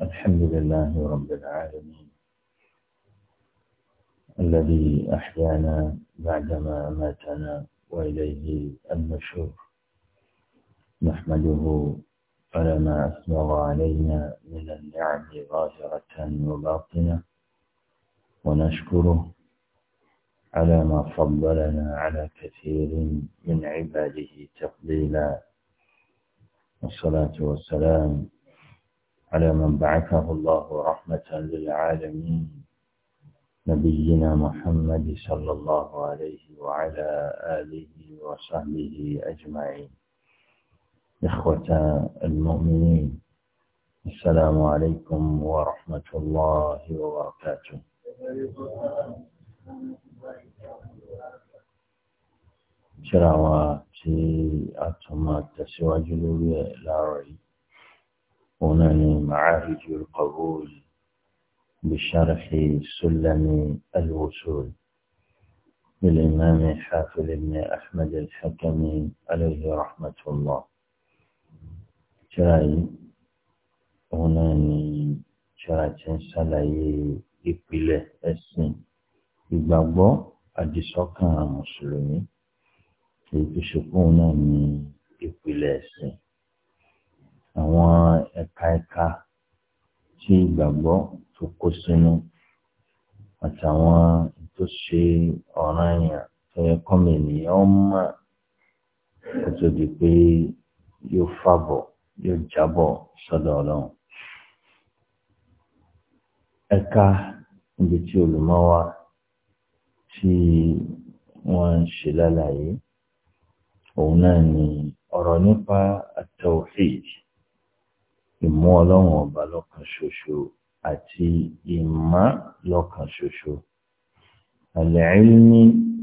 الحمد لله رب العالمين الذي أحيانا بعدما ماتنا وإليه النشور نحمده على ما أسبغ علينا من النعم ظاهرة وباطنة ونشكره على ما فضلنا على كثير من عباده تفضيلا والصلاة والسلام على من بعثه الله رحمة للعالمين نبينا محمد صلى الله عليه وعلى آله وصحبه أجمعين إخوة المؤمنين السلام عليكم ورحمة الله وبركاته شراوة في أتمات تسواجلوا لاري هنا معارج القبول بشرح سلم الوصول للإمام حافظ بن أحمد الحكمي عليه رحمة الله شرعي هنا شرعي سلعي إبلة السن ìgbàgbọ́ àdìsọ́kàn mùsùlùmí èyí tó ṣe fún náà ní ìpìlẹ̀ ẹ̀sìn àwọn ẹ̀ka ẹ̀ka tí ìgbàgbọ́ tó kó sínú àti àwọn tó ṣe ọ̀ràn yẹn tó yẹ kọ́mọ ènìyàn mọ̀ kó tó di pé yóò fàbọ̀ yóò jábọ̀ sọ́dọ̀ ọlọ́run. ẹ̀ka níbi tí olùmọ̀ tí wọ́n ń ṣe lálàyé òun náà ni ọ̀rọ̀ nípa at-tawhid ìmú ọlọ́run ọba lọ́kan ṣoṣo àti ìmá lọ́kan ṣoṣo. Àlẹ́ẹ̀lì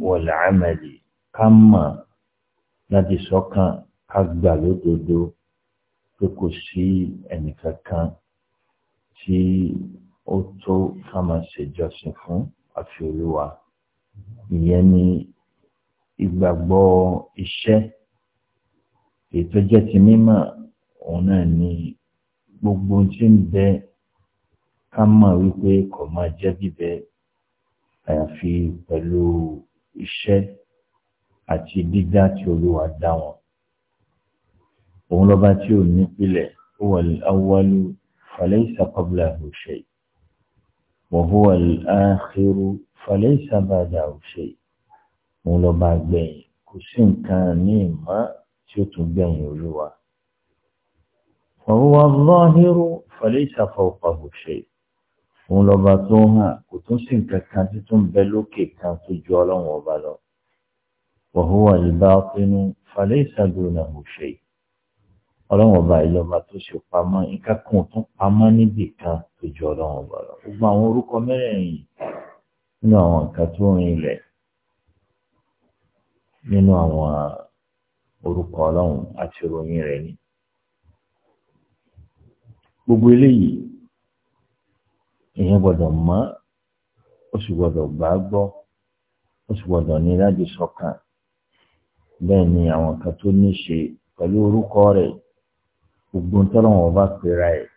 wọ̀lẹ̀ àmàlì ká mọ̀ láti sọ́kàn ká gbà lódodo pé kò sí ẹnìkankan tí ó tó ká máa ṣèjọsìn fún àfi olúwa. Ìyẹn ni ìgbàgbọ́ iṣẹ́ èyí jẹ́ ti mímọ̀ òun náà ni gbogbo tí ń bẹ ká mọ̀ wípé kò máa jẹ́ bíbẹ àyàfi pẹ̀lú iṣẹ́ àti dídá tí olúwa dá wọn. òun lọ́ba tí ò ní pilẹ̀ huwa al-awwalu falaysa qablahu shay wa huwa al-akhiru falaysa ba'dahu òun lọ́ba gbẹ̀yìn kò sí nǹkan ní ìmọ̀ tí ó tún gbẹ̀yìn olúwa ọ̀wọ́ الظاهر فليس فوقه شيء، ṣe òun lọ́ba tó hàn kò tún sí nǹkan kan títún bẹ lókè kan tó ju ọlọ́run ọba lọ wọ̀húwà ìbá pinnu fẹ̀lẹ́ ìṣàdúrà ò ṣe ọlọ́run ọba ìlọba tó ṣe pamọ́ nǹkan kan tún pamọ́ níbì kan tó ju ọlọ́run ọba lọ gbogbo àwọn orúkọ mẹ́rẹ̀ẹ̀rin nínú àwọn nǹkan tó rìn ilẹ̀ nínú àwọn orúkọ ọlọ́run àti ìròyìn rẹ̀ ni gbogbo eléyìí èèyàn gbọ́dọ̀ mọ̀ ó sì gbọ́dọ̀ gbà gbọ́ ó sì gbọ́dọ̀ ní láti sọkàn bẹ́ẹ̀ ni àwọn kan tó ní ṣe pẹ̀lú orúkọ rẹ̀ gbogbo ntọ́lọ́wọ́n bá pera ẹ̀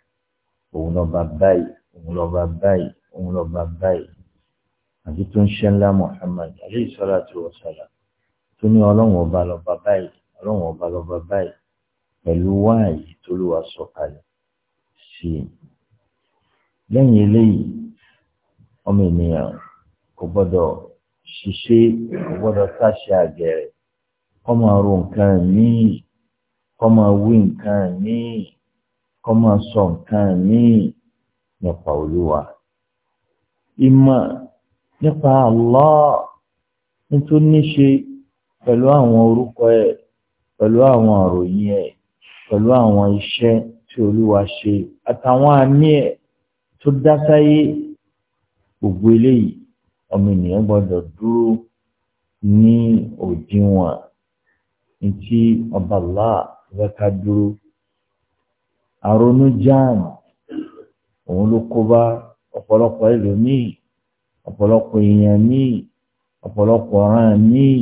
òun lọ́ba báyìí òun lọ́ba báyìí òun lọ́ba báyìí àti tó ń ṣe ńlá Muhammad alayhi salatu wa salam tó ní ọlọ́wọ́n ọba lọ́ba báyìí ọlọ́wọ́n ọba lọ́ba báyìí pẹ̀lú wáàyè tó ló wá sọ̀kalẹ̀ sí lẹ́yìn eléyìí ọmọ ènìyàn kò gbọ́dọ̀ ṣiṣẹ́ kò gbọ́dọ̀ sáṣẹ àgẹ̀rẹ̀ kọ́ máa ro nǹkan míì kọ́ máa wí nǹkan míì kọ́ máa sọ nǹkan míì nípa olúwa ìmọ̀ nípa Allah nítorí níṣe pẹ̀lú àwọn orúkọ ẹ̀ pẹ̀lú àwọn àròyìn ẹ̀ pẹ̀lú àwọn iṣẹ́ tí olúwa ṣe àtàwọn àmì ẹ̀ tó dá sáyé gbogbo eléyìí ọmọ ènìyàn gbọ́dọ̀ dúró ní òdiwọ̀n ní tí ọba Allah fẹ́ ká dúró àrònú jáàmù òun ló kó bá ọ̀pọ̀lọpọ̀ ẹlòmíì ọ̀pọ̀lọpọ̀ èèyàn míì ọ̀pọ̀lọpọ̀ ọ̀ràn míì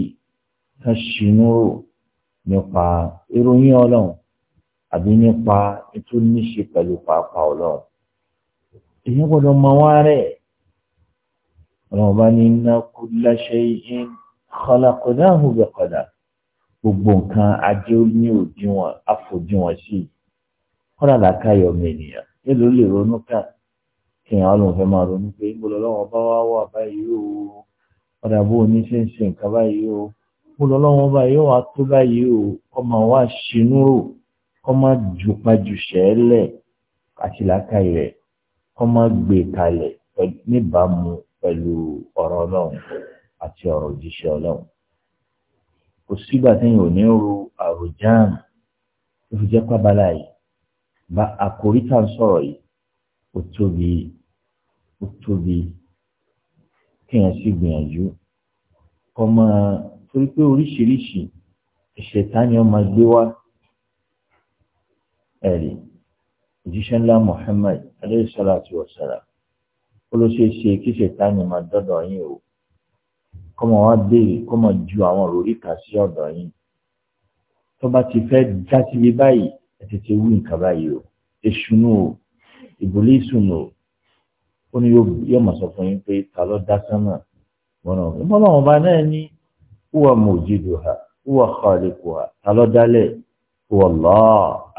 ká ṣìnú nípa ìròyìn ọlọ́run àbí nípa ètò níṣe pẹ̀lú pàápàá ọlọ́run èyí gbọ́dọ̀ mọ wá rẹ̀ ọlọ́run bá ní inna kulla shay'in khalaqnahu bi qadar gbogbo nǹkan ajé ní òdiwọ̀n àfòdiwọ̀n sí i kọ́dà làákàyọ̀ ọmọ ènìyàn nílò lè ronú kà kí àwọn olùfẹ́ máa ronú pé gbọ́dọ̀ lọ́wọ́ bá wá wà báyìí o kọ́dà bó o ní ṣe ń ṣe nǹkan báyìí o gbọ́dọ̀ lọ́wọ́ báyìí o wà tó báyìí o ọmọ wa ṣinú kọ́ má ju pájú sẹ́ẹ̀lẹ̀ àti làákàyè rẹ̀ kọ́ má gbé kalẹ̀ níbàámu pẹ̀lú ọ̀rọ̀ ọlọ́run àti ọ̀rọ̀ òjíṣẹ́ ọlọ́run. kò sígbà téèyàn ò ní ru àròjáàmù tó fi jẹ́ pábala yìí bá àkórí tá à ń sọ̀rọ̀ yìí ó tóbi ó tóbi kéèyàn sì gbìyànjú kọ́ torí pé oríṣiríṣi ìṣẹ̀tàn ni wọ́n máa gbé wá ẹ̀rí òjíṣẹ́ ńlá Muhammad alayhi salatu wa salam ó ló ṣe é ṣe kí ṣètánì máa dọ́dọ̀ yín o kó mọ̀ wá béèrè kó mọ̀ ju àwọn òrí kà sí ọ̀dọ̀ yín tó bá ti fẹ́ já síbi báyìí ẹ tètè wí nǹkan báyìí o èṣùnú o ìbòlí ìṣùnú o ó ní yóò mọ̀ sọ fún yín pé ta ló dá sánmà mọ́nà ọ̀gbìn mọ́nà ọ̀gbà náà ní huwa mujiduha huwa khaliquha ta ló dálẹ̀ wọ̀lọ́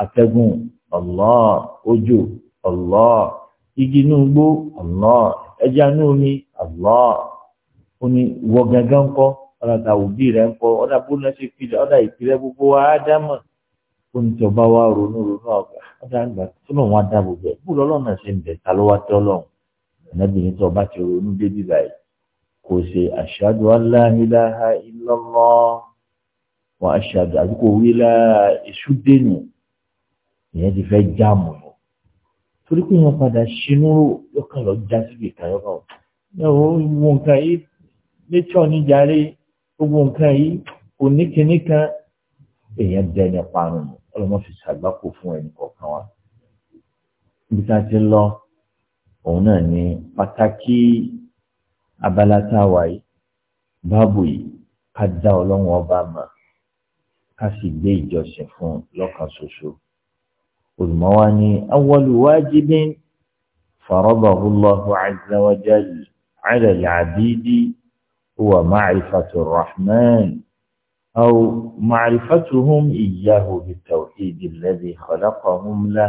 atẹ́gùn ọ̀lọ́ ojú ọ̀lọ́ igi inú igbó ọ̀lọ́ ẹja inú omi ọ̀lọ́ ó ní wọ gangan kọ́ ọ̀dà tàwùdí rẹ̀ ń kọ́ ọ̀dà bóńdà ṣe filẹ̀ ọ̀dà ìpìlẹ̀ gbogbo ádámà ó ní tí ọba wa ronú ronú ọ̀gá ọ̀dà àgbà tó lọ́wọ́ á dáàbò bẹ̀ bú lọ́lọ́nà ṣe ń bẹ̀ ta ló wá tẹ́ ọlọ́run ẹ̀nàbìnrin tó ọba ti ronú débìbà yìí kò ṣe ashhadu an la wọn aṣáájú àdúgbò wílá èṣù dènù ìyẹn ti fẹ́ jáàmù lọ torí pé wọn padà ṣinú lọ́kàn lọ já síbi ìkàyọ́kà ọ̀hún gbogbo nǹkan yìí nature níjàre gbogbo nǹkan yìí kò ní kinní kan èèyàn dẹni parun ọlọ́mọ fi ṣàgbákò fún ẹnì kọ̀ọ̀kan wa ibi tá a ti lọ òun náà ni pàtàkì abala tá yìí báàbò yìí ká dá ọlọ́run ọba mọ̀. ká sì gbé ìjọsìn fún un lọ́kàn ṣoṣo. wa ní awọ́lu awwalu wajibin faradahu Allahu azza wa jalla ala al-abidi huwa ma'rifatu ar-rahman aw ma'rifatuhum iyyahu bit-tawhid alladhi khalaqahum lá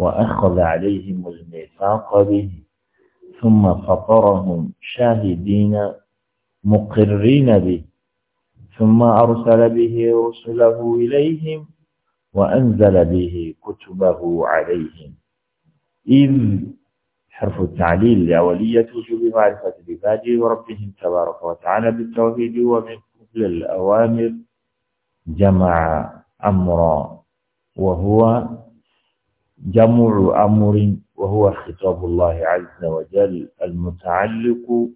wa akhadha alayhim al-mithaqa bihi ثم فطرهم شاهدين مقرين به ثم أرسل به رسله إليهم وأنزل به كتبه عليهم إذ حرف التعليل لأولية وجوب معرفة عباده وربهم تبارك وتعالى بالتوحيد ومن كل الأوامر جمع أمرا وهو جمع أمر وهو خطاب الله عز وجل المتعلق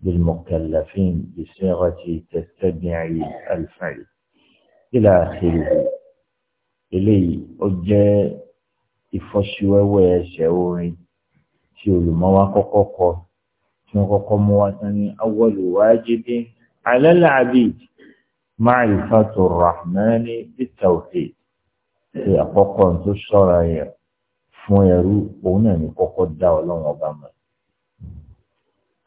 بالمكلفين بصيغة تتبع الفعل إلى آخره eléyìí ó jẹ́ ìfọ́síwẹ́wẹ́ ẹsẹ̀ orin tí olùmọ́wá kọ́kọ́ kọ tí wọ́n kọ́kọ́ mú wá tán ní awwalu wajibin ala al-abid ma'rifatu rahmani bit-tawhid ṣe àkọ́kọ́ tó sọ̀rọ̀ yẹn fún ẹrú òun náà ní kọ́kọ́ dá ọlọ́run ọba mọ̀.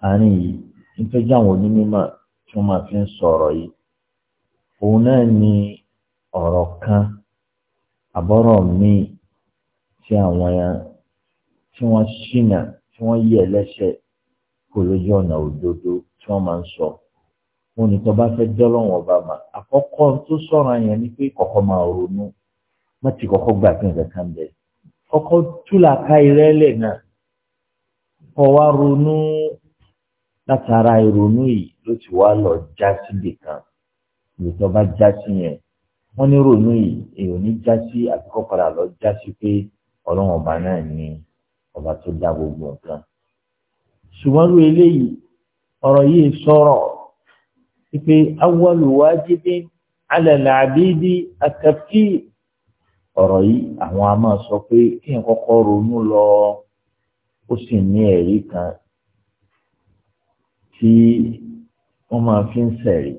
àárín yìí nítorí àwọn onímọ̀ tí wọ́n máa fi ń sọ̀rọ̀ yìí òun náà ni ọ̀rọ̀ kan àbọ̀rọ̀ míì tí àwọn tí wọ́n ṣìnà tí wọ́n yí ẹlẹ́ṣẹ̀ kò lójú ọ̀nà òdodo tí wọ́n máa ń sọ wọn ni tó bá fẹ́ jọ́lọ́wọ́n ọba mà àkọ́kọ́ tó sọ̀rọ̀ yẹn ni pé kọ́kọ́ máa ronú má ti kọ́kọ́ gbà pé nǹkan kan bẹ̀ kọ́kọ́ túlàká irẹ́lẹ̀ náà kọ́ wa ronú látara ìrònú yìí ló ti wá lọ já síbi kan ìlú tó bá já sí yẹn wọn ní ìrònú yìí èrò ní já sí àbíkọ́ padà lọ já sí pé ọlọ́run ọba náà ni ọba tó dá gbogbo nǹkan ṣùgbọ́n ló eléyìí ọ̀rọ̀ yìí sọ̀rọ̀ wípé awwalu wajibin ala al-abidi yìí àwọn a máa sọ pé kí n kọ́kọ́ ronú lọ ó sì ní ẹ̀rí kan tí wọ́n máa fi ń sẹ̀rí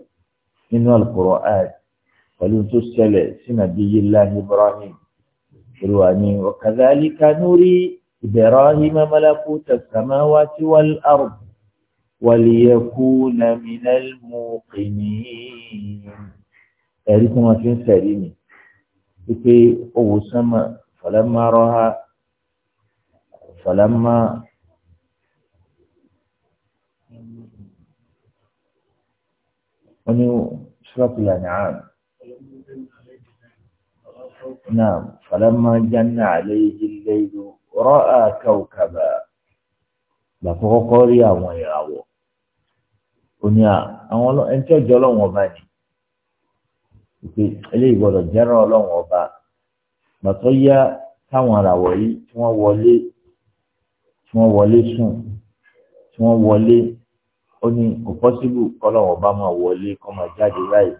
nínú Al-Qur'an pẹ̀lú tó ṣẹlẹ̀ sí Nabiyyillahi Ibrahim ìrùwà ni wa kadhalika nuri Ibrahim malakuta samawati wal ard waliyakuna minal muqinin ẹ̀rí tí wọ́n fi ń sẹ̀rí ni wípé owó sánmà falamma raha falamma. wọ́n ní suratul an'am náà falamma janna alayhi al-laylu ra'a kawkaba gbàkọ́kọ́ rí àwọn ìràwọ̀ òní àwọn ẹni tí ọjọ́ ọlọ́wọ́n ọba ni ìpè eléyìí gbọ́dọ̀ jẹ́rán ọlọ́wọ́n ọba gbàtọ́ yá táwọn àràwọ̀ yìí tí wọ́n wọlé tí wọ́n wọlé sùn tí wọ́n wọlé ó ní kò pọ́síbù kọ́lọ́wọ́ bá máa wọlé kọ́ máa jáde láì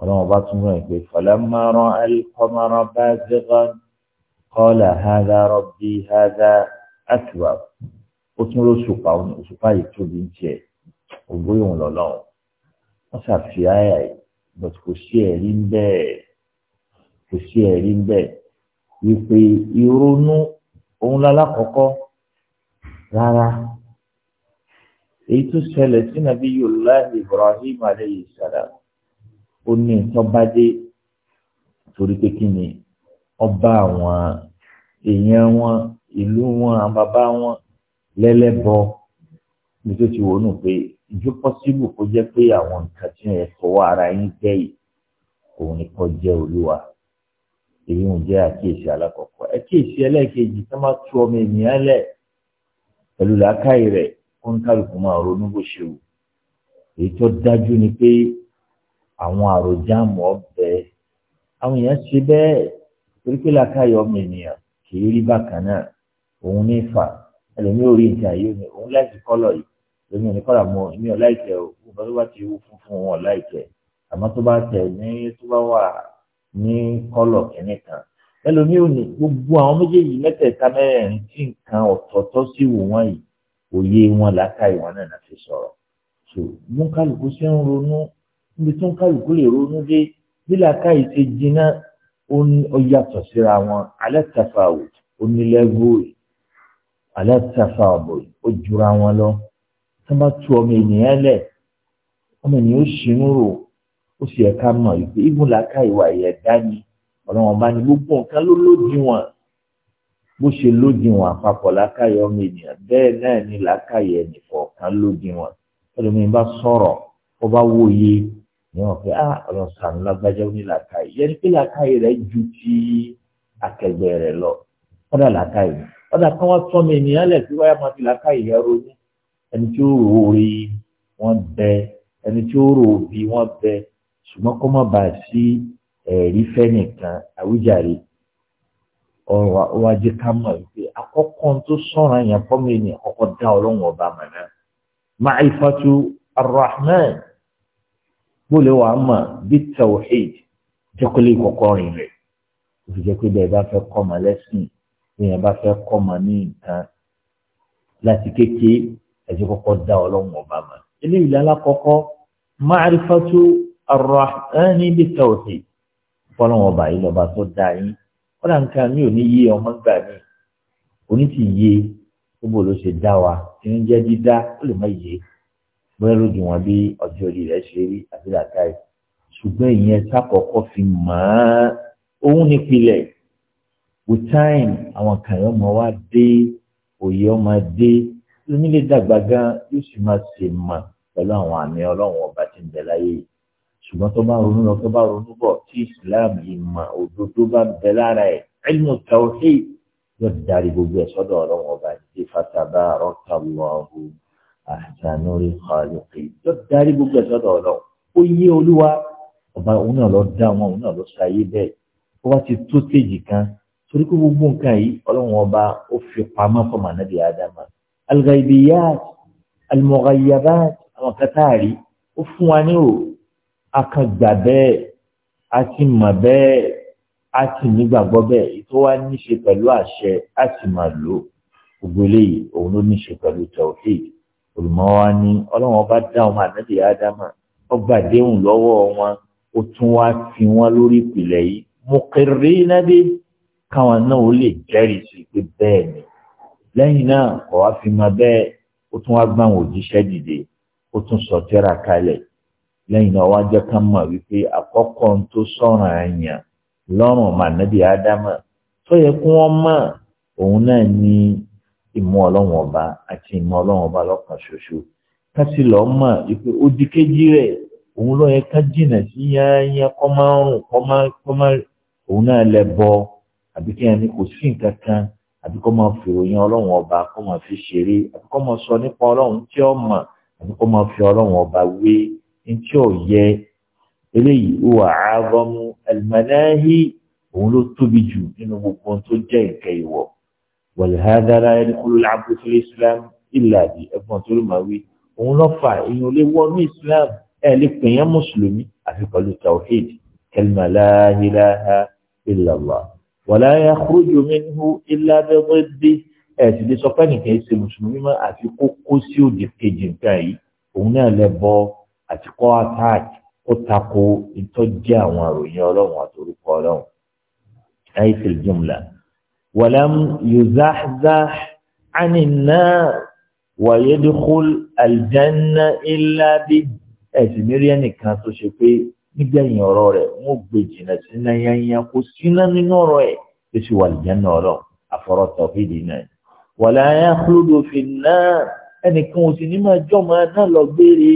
ọlọ́wọ́ bá tún rẹ̀ pé falamma ra'al qamara bazighan qala hadha rabbi hadha akbar ó tún ló ṣùpá òṣùpá yìí tóbi ń tiẹ̀ ògbóyè òun lọ́lọ́run wọ́n ṣàfihàn àyà yìí but kò sí ẹ̀rí ń bẹ́ẹ̀ kò sí ẹ̀rí ń bẹ́ẹ̀ wípé ìrònú òun lálákọ̀ọ́kọ́ rárá èyí tó ṣẹlẹ̀ sí Nabiyullah Ibrahim alayhi salam ó ní nǹkan bá dé torí pé kí ni ọba àwọn èèyàn wọn ìlú wọn àwọn bàbá wọn lẹ́lẹ́bọ ní tó ti wọnú pé ìjọ pọ́síbù kó jẹ́ pé àwọn nǹkan tí wọ́n yẹ fọwọ́ ara yín jẹ́ yìí òun ni kò jẹ́ olúwa èyí ń jẹ́ àkíyèsí alákọ̀ọ́kọ́ àkíyèsí ẹlẹ́ẹ̀kejì tó máa tú ọmọ ènìyàn lẹ̀ pẹ̀lú làákàyè rẹ̀ kó ń kálukú máa ronú bó ṣe wù èyí tó dájú ni pé àwọn àròjàmù ọbẹ àwọn èèyàn ṣe bẹ́ẹ̀ torí pé làkàyọ ọmọ ènìyàn kì í rí bákan náà òun ní fà ẹlòmíì ò rí nǹkan ni òní òun láìsí kọlọ yìí èmi ò ní kọlà mọ èmi ò láìkẹ o ìgbà tó bá ti wú funfun wọn láìkẹ àmọ́ tó bá tẹ ní tó bá wà ní kọlọ kìíní kan ẹlòmíì ò ní gbogbo àwọn méjèèjì mẹ́tẹ̀ẹ̀ta mẹ́rẹ̀ẹ̀rin tí nǹkan ọ̀tọ̀ọ̀tọ̀ sí wù wọn yìí òye wọn làákà ìwọn náà náà fi sọ̀rọ̀ so mú kálukú ṣe ń ronú níbi tó ń kálukú lè ronú dé bí làákà yìí ṣe jiná ó yàtọ̀ síra wọn alátàfà onílẹ́gbòrì alátàfà ọ̀bọ̀rì ó jura wọn lọ tó bá tu ọmọ ènìyàn lẹ̀ ọmọ ènìyàn ó ṣinú rò ó sì ẹ̀ka mọ̀ ìgbé ìgbìmọ̀ làákà ìwà ẹ̀yẹ̀ dání ọ̀rọ̀ wọn bá ní gbogbo nǹkan ló lòdì wọn bó ṣe lódiwọ̀n àpapọ̀ làákàyè ọmọ ènìyàn bẹ́ẹ̀ náà ni làákàyè ẹnìkọ̀ọ̀kan lódiwọ̀n ẹlòmíín bá sọ̀rọ̀ ó bá wòye ní wọn pé ah ọ̀rọ̀ sàn lágbájá ó ní làákàyè yẹn pé làákàyè rẹ̀ ju ti akẹgbẹ́ rẹ̀ lọ ọ̀dà làákàyè ọ̀dà kan wọ́n tọ́ mi ènìyàn lẹ̀ tí wáyà máa fi làákàyè yẹn ronú ẹni tí ó rò orí wọn bẹ ẹni tí ó rò òbí wọn bẹ ṣùgbọ́n kó má bàa sí ẹ̀rí nìkan àwíjàre ọ̀rọ̀ wa jẹ́ ká mọ̀ wípé akọ́kọ́ tó sọ̀rọ̀ yẹn fọ́mù ènìyàn kọ́kọ́ dá ọlọ́run ọba mọ̀nà ma'rifatu arrahman gbọ́lẹ̀ wàá mọ̀ bí tawhid jẹ́kọ́lé kọ́kọ́ rìn rẹ̀ ó fi jẹ́ pé bẹ́ẹ̀ bá fẹ́ kọ́ mọ̀ lẹ́sìn èèyàn bá fẹ́ kọ́ mọ̀ ní nǹkan láti kékeré ẹ̀jẹ̀ kọ́kọ́ dá ọlọ́run ọba mọ̀ eléyìí lálákọ́kọ́ ma'rifatu arrahman bí tawhid fọ́lọ́run ọba yìí lọ́ba tó dá yín kọ́dà nǹkan mi ò ní yé ọmọ gbà mí òní ti yé gbogbo ló ṣe dá wa tí ń jẹ́ dídá ó lè má yé bóyá lójú wọn bí ọjọ́ orí rẹ̀ ṣe rí àti làtàrí ṣùgbọ́n ìyẹn sákọ̀ọ́kọ́ fi mọ̀ ọ́n òun nípìnlẹ̀ with time àwọn kan yóò máa dé òye ọmọ dé lónílé dàgbà gan yóò sì máa ṣe mọ̀ pẹ̀lú àwọn àmì ọlọ́run ọba tí ń bẹ láyé yìí ṣùgbọ́n tó bá ronú lọ tó bá ronú bọ̀ tí islam ìmọ̀ òdodo bá bẹ lára ẹ̀ ilmu tawhid yóò darí gbogbo ẹ̀ sọ́dọ̀ ọlọ́run ọba ìdí fatabaraka Allahu ahsanul khaliqin yóò darí gbogbo ẹ̀ sọ́dọ̀ ọlọ́run ó yé olúwa ọba òun náà lọ dá wọn òun náà lọ ṣayé bẹ́ẹ̀ ó wá ti tó téèjì kan torí pé gbogbo nǹkan yìí ọlọ́run ọba ó fi pamọ́ fọmọ anábì ádámà al-ghaybiyat àwọn kátàrí ó fún wa ní òòrùn a kan gbà bẹ́ẹ̀ a ti mọ̀ bẹ́ẹ̀ a ti nígbàgbọ́ bẹ́ẹ̀ ètò wa ní ṣe pẹ̀lú àṣẹ a ti mà lò gbogbo eléyìí òun ló ní ṣe pẹ̀lú tawhid olùmọ́wá ní ọlọ́run ọba dá ọmọ ànábì ádámà ọgbà déhùn lọ́wọ́ wọn ó tún wá fi wọn lórí ìpìlẹ̀ yìí muqirrina bi káwọn náà ó lè jẹ́rìí sí pé bẹ́ẹ̀ ni lẹ́yìn náà kọ̀ fi mọ bẹ́ẹ̀ ó tún wá gbà òjíṣẹ́ dìde ó tún sọ tẹ́ra kalẹ̀ lẹ́yìn náà wá jẹ́ ká mọ̀ wípé àkọ́kọ́ tó sọ̀rọ̀ àyàn lọ́rùn mànàbí ádámà tó yẹ kí wọ́n mọ̀ òun náà ní ìmú ọlọ́run ọba àti ìmú ọlọ́run ọba lọ́kàn ṣoṣo ká sì lọ́ mọ̀ wípé ó di kéjì rẹ̀ òun ló yẹ ká jìnà sí yányá kọ́ máa ń rùn kọ́ máa kọ́ máa òun náà lẹ bọ àbí kéèyàn ní kò sí nǹkan kan àbí kọ́ máa fi òyìn ọlọ́run ọba kọ́ máa fi ṣeré àbí kọ́ máa sọ nípa ọlọ́run tí ó mọ̀ àbí kọ́ máa fi ọlọ́run ọba wé ntí ò yẹ eléyìí wà á gbọmú alimanahi òun ló tóbi jù nínú gbogbo tó jẹ nǹkan ìwọ wàlúhàdára ẹni kúrò láàbù fún islam ìlàbí ẹ̀gbọ́n tó ló máa wí òun lọ fà èèyàn lè wọnú islam ẹ lè pè yẹn mùsùlùmí àfi pẹ̀lú tawhid kẹlìmà la ilaha illa Allah wàlá ya kúròjò minhu illa bẹ́ẹ̀ sì lè sọ pé nìkan ṣe mùsùlùmí mọ́ àfi kó sí òdì kejì nǹkan yìí òun náà lè bọ́ àti kọ́ attack ó tako ìtọ́jú àwọn àròyìn ọlọ́run àtòrúkọ ọlọ́run àìsèl jùmùlà wàlám yuzahzah ànínà wàyédìkúl àlìjánná ilá bí ẹ̀sìn mìírí ẹnìkan tó ṣe pé nígbẹ̀yìn ọ̀rọ̀ rẹ̀ wọ́n gbé jìnnà sí náà yányá kó síná nínú ọ̀rọ̀ ẹ̀ tó ṣe wà àlìjánná ọ̀rọ̀ àfọ̀rọ̀tọ̀ fìdí náà wàlá yá kúlódò fi ẹnìkan ò sì ní máa jọ́ máa náà lọ gbére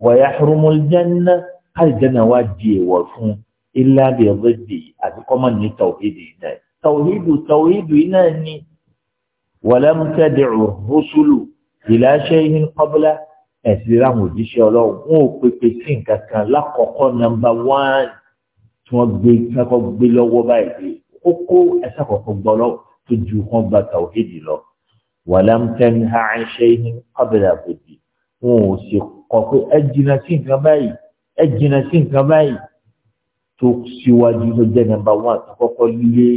wayahrumul janna aljanna wá di èèwọ̀ fún ilá bí ọ̀gbẹ́dì àti kọ́mọ̀ ní tàwíìdì náà tàwíìdù tàwíìdù náà ni walam tad'u rusulu ila shay'in qabla ẹ̀sìn láwọn òjíṣẹ́ ọlọ́run wọn ò pèpè sí nǹkan kan lákọ̀ọ́kọ́ nọmba wán tí wọ́n gbé kẹ́kọ̀ọ́ gbé lọ́wọ́ báyìí kókó ẹ̀sẹ̀ kọ̀ọ̀kan gbọ́ lọ́wọ́ tó ju wọn gba tàwíìdì lọ walam tanha an shay'in qabla ọ̀gbẹ́dì wọn ò ṣe kọ pé ẹ jìnnà sí nǹkan báyìí ẹ jìnnà sí nǹkan báyìí tó síwájú tó jẹ́ nọ́mbà wọn tó kọ́kọ́ lé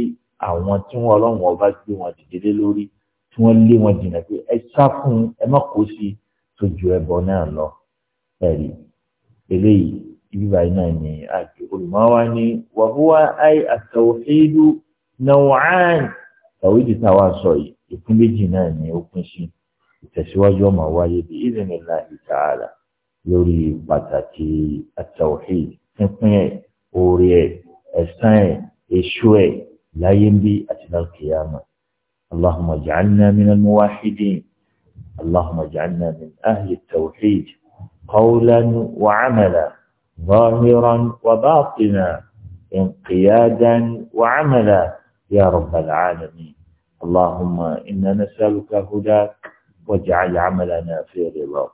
àwọn tí wọn ọlọ́run ọba gbé wọn dìde lórí tí wọ́n lé wọn jìnnà pé ẹ sá fún ẹ má kó sí tó ju ẹbọ náà lọ ẹ̀rí eléyìí ibíbá iná ni àjò olùmọ́wá ni wàhúwá àì àtàwọ̀fẹ́dù náwó àìn tàwídìí táwa sọ yìí ìpín méjì náà ni ó pín sí. تسواجه مواجه بإذن الله تعالى يوري بطاتي التوحيد انتني اوري استني اشوي لا ينبي أثناء القيامة اللهم اجعلنا من الموحدين اللهم اجعلنا من أهل التوحيد قولا وعملا ظاهرا وباطنا انقيادا وعملا يا رب العالمين اللهم إنا نسألك هداك واجعل عملنا في رضاك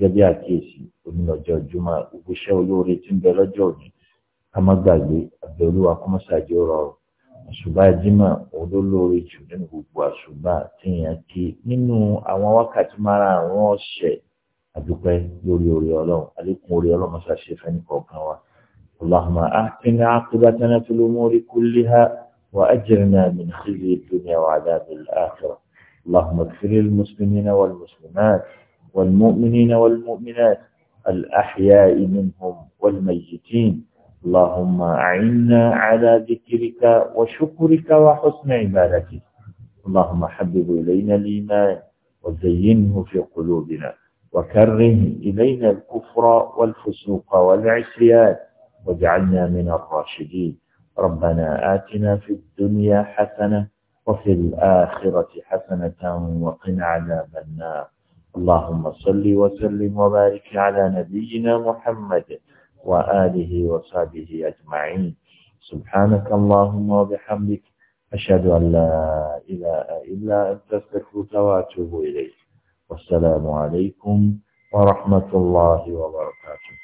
gẹ́gẹ́ bí àkíyèsí onílọ́jọ́ jùmọ̀ ìgbésẹ̀ olóore tí ń bẹ lọ́jọ́ òní ká má gbàgbé àbẹ̀olúwa kó má ṣàjẹ́ rọrùn àṣùbà jímọ̀ òun ló lóore jù nínú gbogbo àṣùbà téèyàn kí nínú àwọn wákàtí márààrún ọ̀sẹ̀ àdúpẹ́ lórí orí ọlọ́run àlékún orí ọlọ́run ṣàṣe fẹ́ nìkọ̀ọ̀kan wa allahumma ahsina aqibatana fil umuri kulliha wa ajirna min khizyi dunya wa adhabil akhirah اللهم اغفر للمسلمين والمسلمات والمؤمنين والمؤمنات الأحياء منهم والميتين اللهم أعنا على ذكرك وشكرك وحسن عبادتك اللهم حبب إلينا الإيمان وزينه في قلوبنا وكره إلينا الكفر والفسوق والعصيان واجعلنا من الراشدين ربنا آتنا في الدنيا حسنة وفي الآخرة حسنة وقنا عذاب النار اللهم صل وسلم وبارك على نبينا محمد وآله وصحبه أجمعين سبحانك اللهم وبحمدك أشهد أن لا إله إلا أنت استغفرك وأتوب إليك والسلام عليكم ورحمة الله وبركاته